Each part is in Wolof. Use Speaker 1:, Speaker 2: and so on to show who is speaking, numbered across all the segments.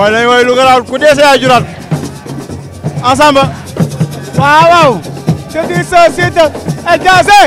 Speaker 1: booy lañ woy ku dese yaay juraat ensemble. waaw waaw. je dis ça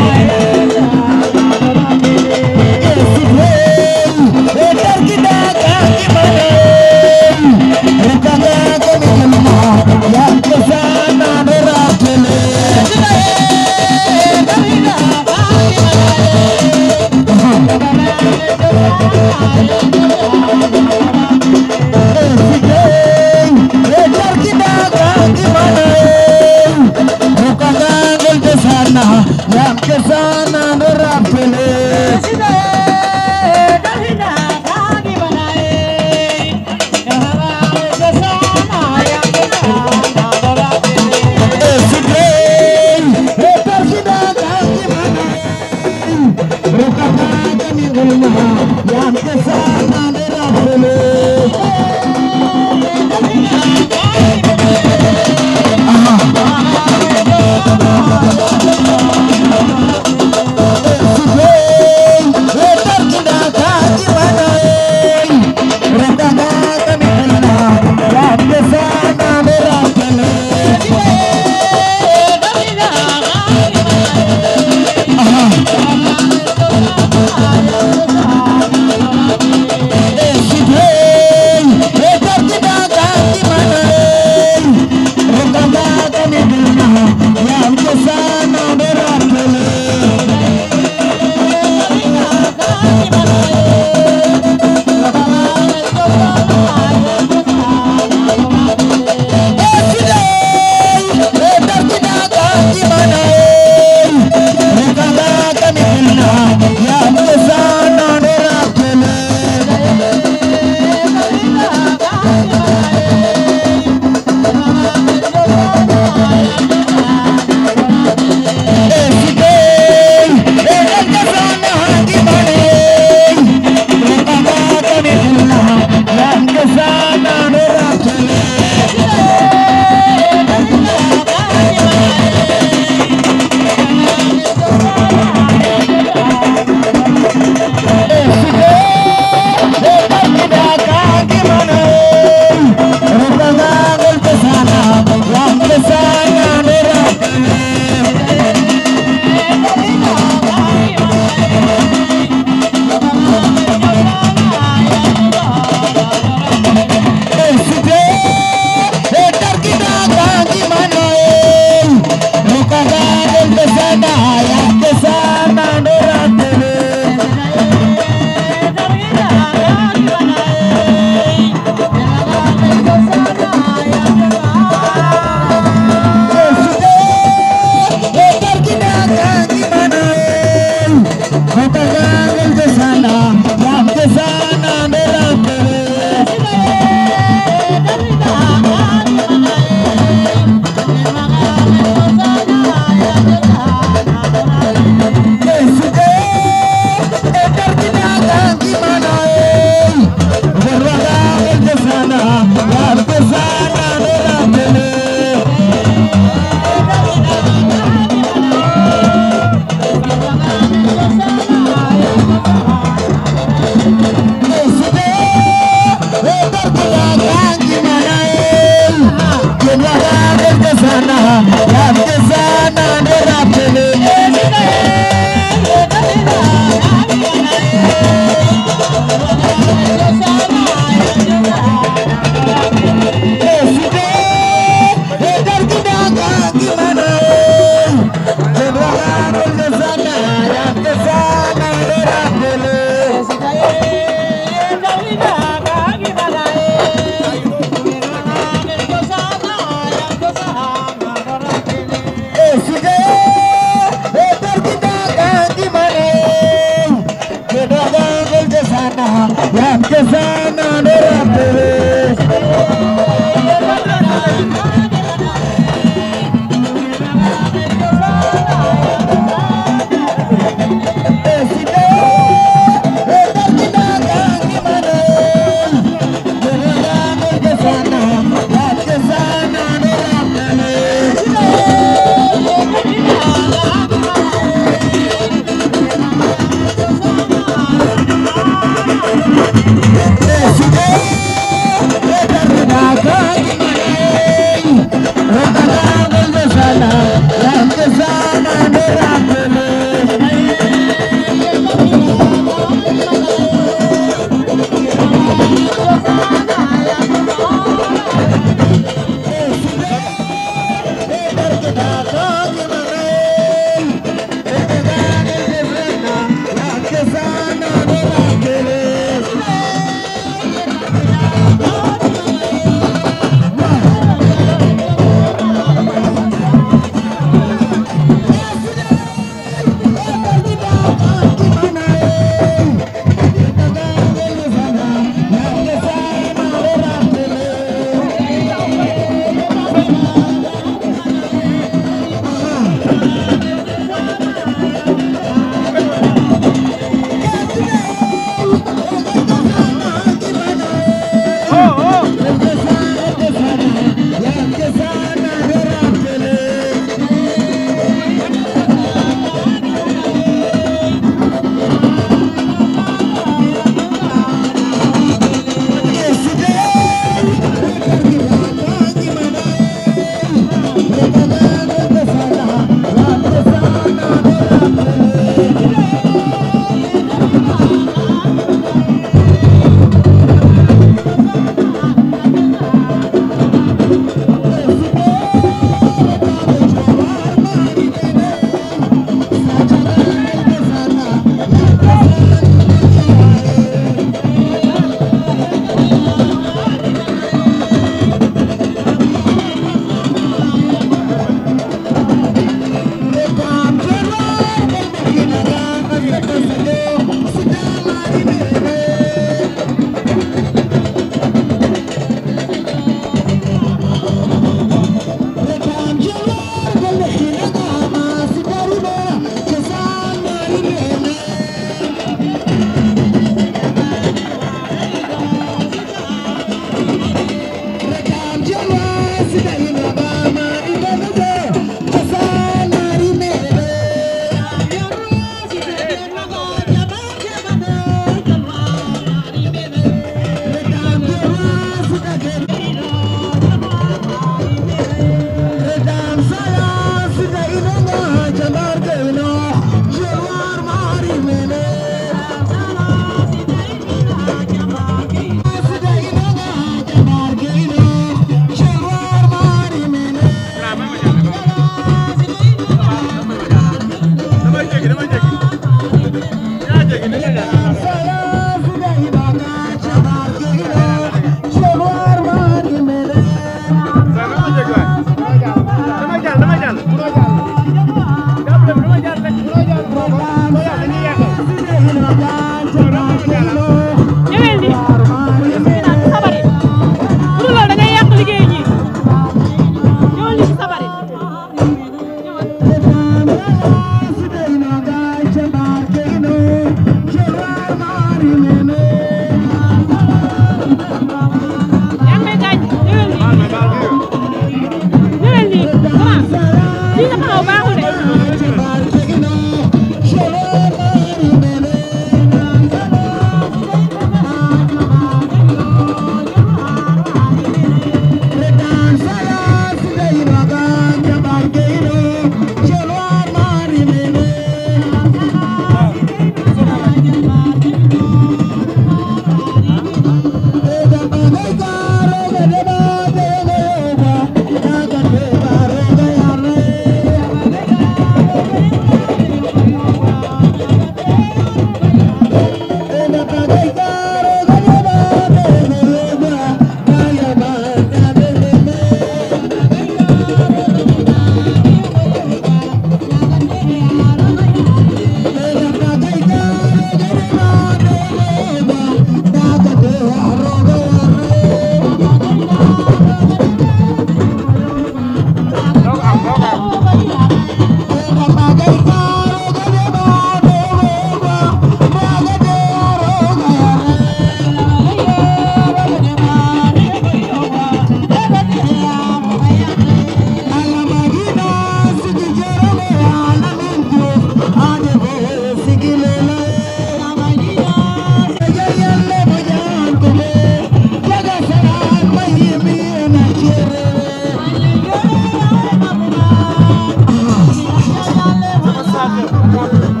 Speaker 1: Thank you.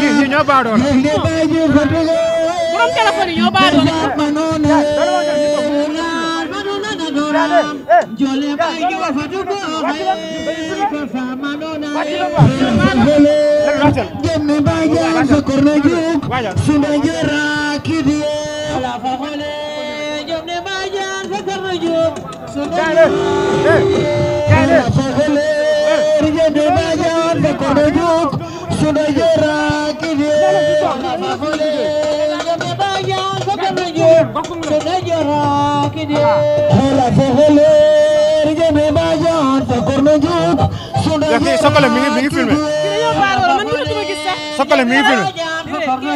Speaker 1: juif yi ñoo baadoo la. borom téléphone yi ñoo baadoo la. fii Sokone mi ngi mi ngi filmé. Sokone mi ngi filmé.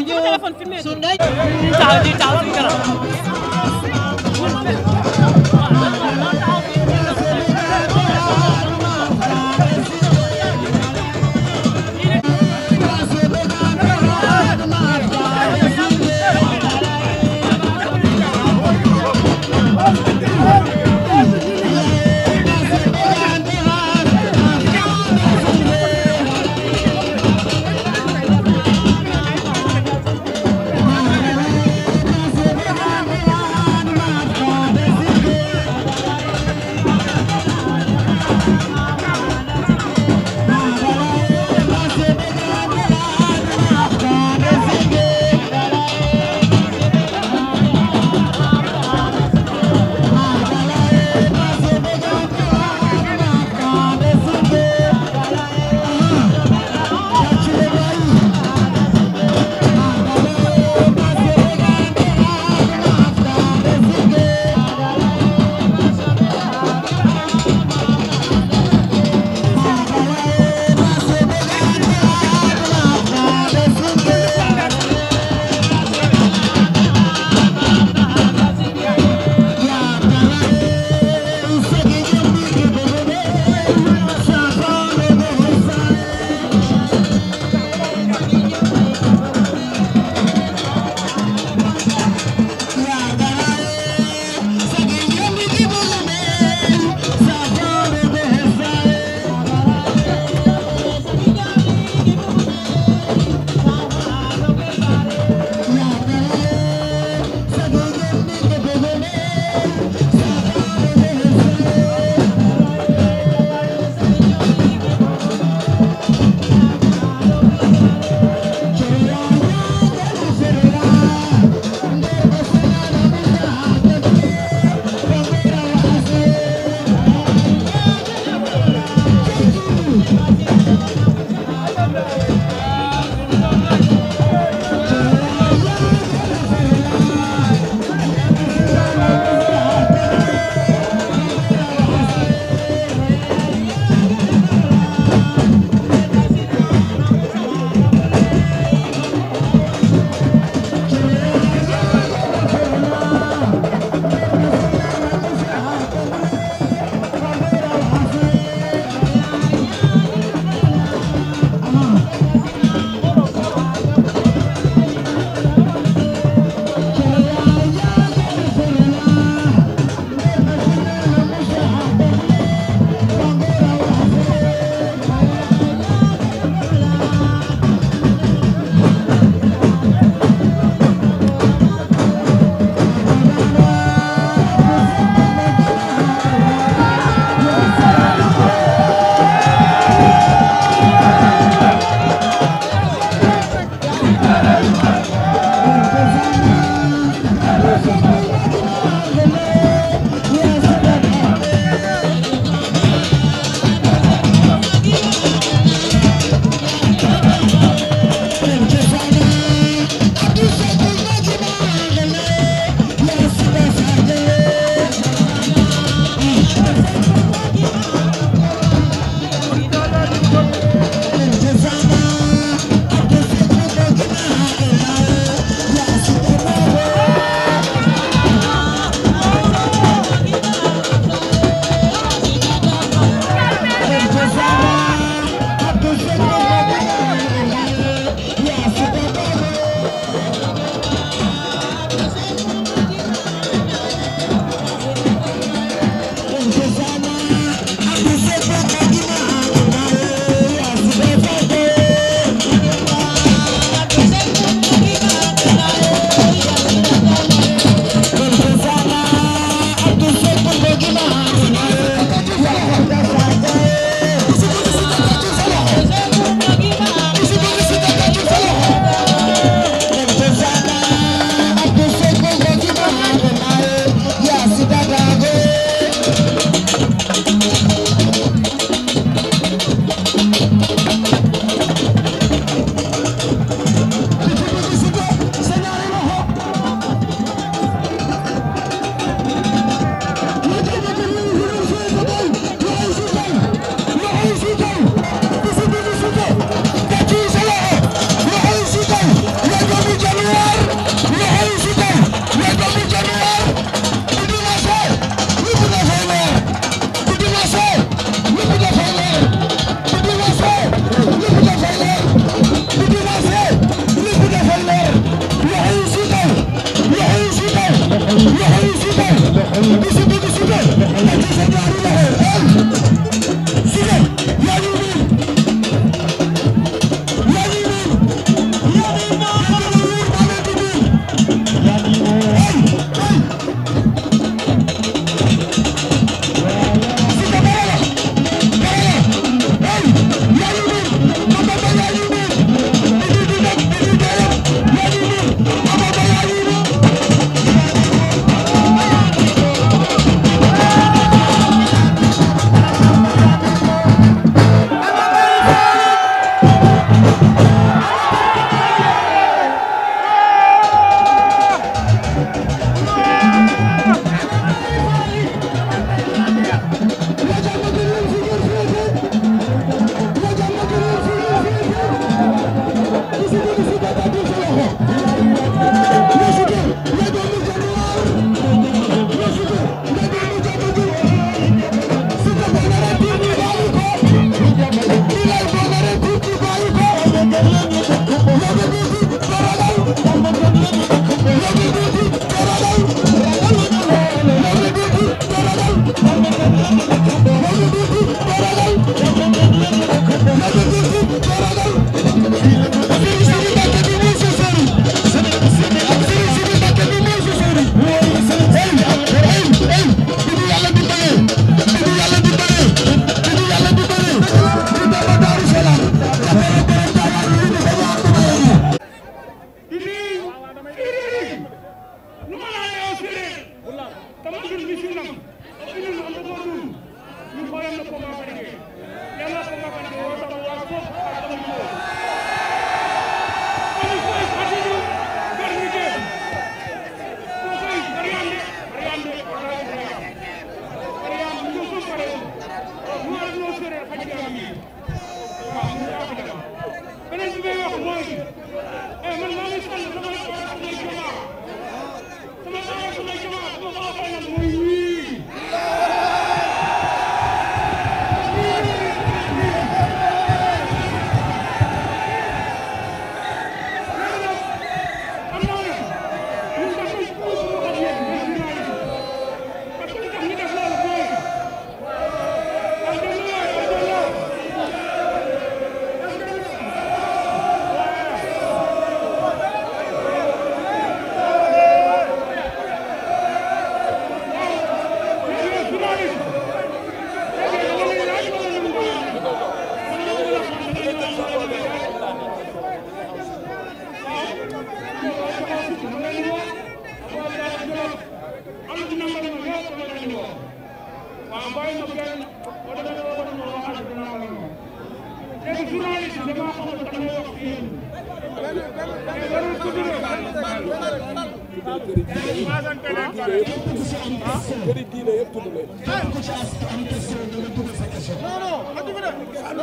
Speaker 1: non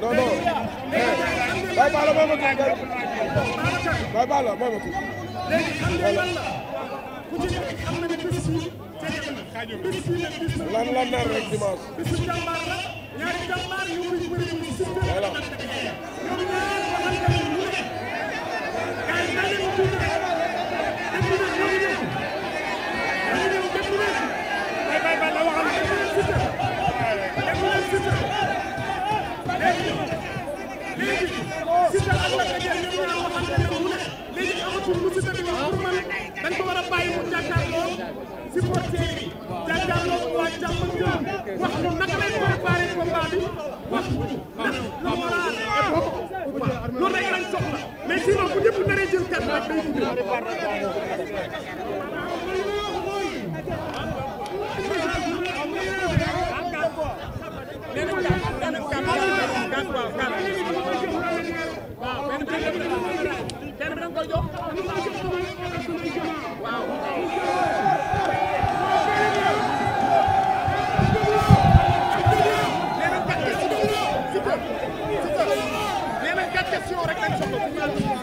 Speaker 1: non Baye Balla mooy ma kii Baye Balla mooy ma léegi amatul lu si dëgg wax pour man dañ ko war a bàyyi mu jàkkaarloo si portier bi jàkkaarloo waa jàmm gën wax ñu naka lay préparé combat bi wax ndax la war a époque loolu rek lañ soxla mais sinon bu ñëpp naree jël kat rek day dugg Attention rek lañ soxla